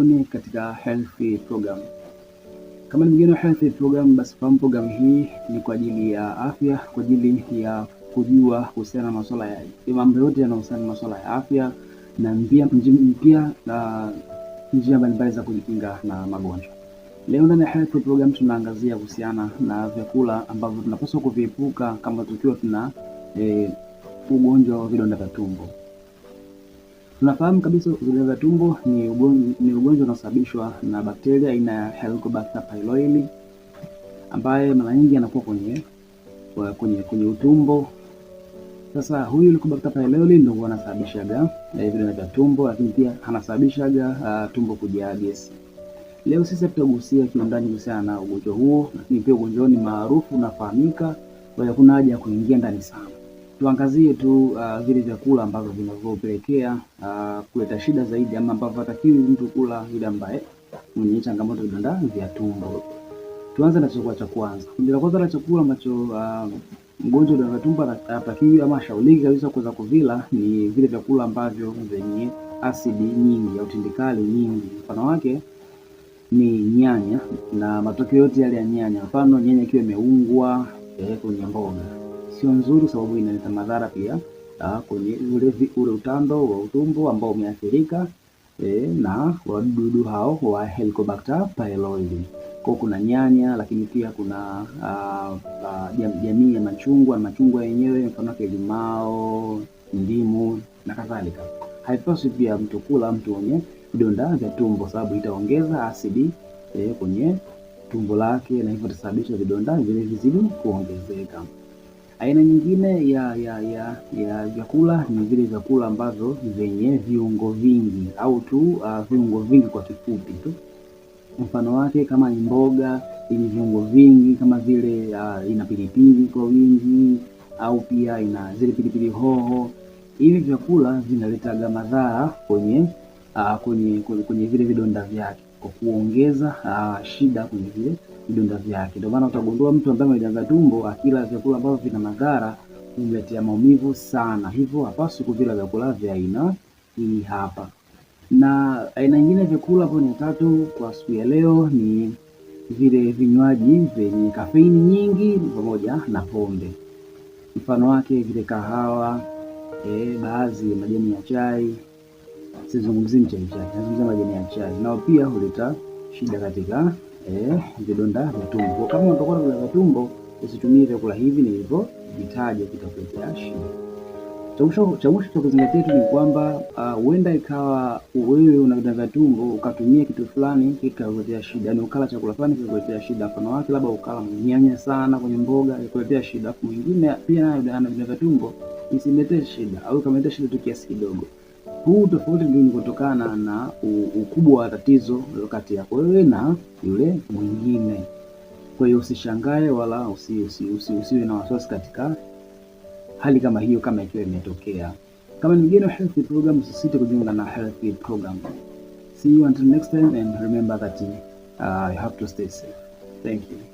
Karibuni katika Health Program. Kama ni mgeni wa Health Program, basi fahamu program hii ni kwa ajili ya afya, kwa ajili ya kujua kuhusiana na masuala ya mambo yote yanayohusiana na masuala ya afya na mpya na njia mbalimbali za kujikinga na magonjwa. Leo ndani ya Health Program tunaangazia kuhusiana na vyakula ambavyo tunapaswa kuviepuka kama tukiwa tuna e, ugonjwa wa vidonda vya tumbo. Tunafahamu kabisa kuteleza tumbo ni ugonjwa unaosababishwa na bakteria aina ya Helicobacter pylori ambaye mara nyingi anakuwa kwenye, kwenye, kwenye utumbo. Sasa huyu Helicobacter pylori ndio huwa anasababishaga eh, vidonda vya tumbo, lakini pia anasababishaga uh, tumbo kujaa gesi. Leo sisi tutagusia kiundani kuhusiana na ugonjwa huo, lakini pia ugonjwa huo ni maarufu unafahamika, kwa hiyo hakuna haja ya kuingia ndani sana tuangazie tu uh, vile vyakula ambavyo vinavyopelekea uh, kuleta shida zaidi ama ambavyo hatakiwi mtu kula yule ambaye mwenye changamoto vidonda vya tumbo. Tuanze na chakula cha kwanza. Kundi la kwanza la chakula ambacho uh, mgonjwa vidonda vya tumbo hatakiwi ama shauliki kabisa kuweza kuvila ni vile vyakula ambavyo vyenye asidi nyingi au tindikali nyingi. Mfano wake ni nyanya na matokeo yote yale ya nyanya, mfano nyanya ikiwa imeungwa kwenye mboga sio nzuri, sababu inaleta madhara pia ah, kwenye ule, ule utando wa utumbo ambao umeathirika e, na wadudu hao wa Helicobacter pylori. Kwa kuna nyanya lakini pia kuna ah, ah, jamii ya machungwa na machungwa yenyewe mfano wake limao, ndimu na kadhalika. Haipaswi pia mtu kula mtu mwenye vidonda vya tumbo, sababu itaongeza asidi e, kwenye tumbo lake na hivyo itasababisha vidonda vile vizidi kuongezeka. Aina nyingine ya ya ya ya vyakula ni vile vyakula ambavyo vyenye viungo vingi au tu uh, viungo vingi kwa kifupi tu. Mfano wake kama ni mboga yenye viungo vingi kama vile uh, ina pilipili kwa wingi au pia ina zile pilipili hoho. Hivi vyakula vinaletaga madhara kwenye, uh, kwenye kwenye kwenye vile vidonda vyake kwa kuongeza uh, shida kwenye vile vidonda vyake. Ndio maana utagundua mtu ambaye amejaza tumbo akila vyakula ambavyo vina madhara humletea maumivu sana, hivyo hapaswi kuvila vyakula vya aina hii hapa. Na aina nyingine vyakula hapo ni tatu kwa siku ya leo ni vile vinywaji vyenye kafeini nyingi pamoja na pombe. Mfano wake vile kahawa, e, eh, baadhi ya majani ya chai sizungumzi sizungumzii mchaichai, nazungumza majani ya chai, nao pia huleta shida katika eh, vidonda vya tumbo. Kama unatokana na vidonda vya tumbo, usitumie vyakula hivi nilivyovitaja, kitakuletea shida. Chausho cha kuzingatia tu ni kwamba ah, huenda uh, ikawa wewe una vidonda vya tumbo ukatumia kitu fulani kikakuletea shida, yani ukala chakula fulani kikakuletea shida. Mfano wake labda ukala nyanya sana kwenye mboga ikakuletea shida, mwingine pia naye ana vidonda vya tumbo isimletee shida au ikamletea shida tu kiasi kidogo. Huu tofauti ndio unatokana na ukubwa wa tatizo kati ya wewe na yule mwingine. Kwa hiyo usishangae wala usi, usi, usi, usiwe na wasiwasi katika hali kama hiyo, kama ikiwa imetokea. Kama ni mgeni wa Health Program, usisite kujiunga na Health Program. See you until next time and remember that uh, you have to stay safe. Thank you.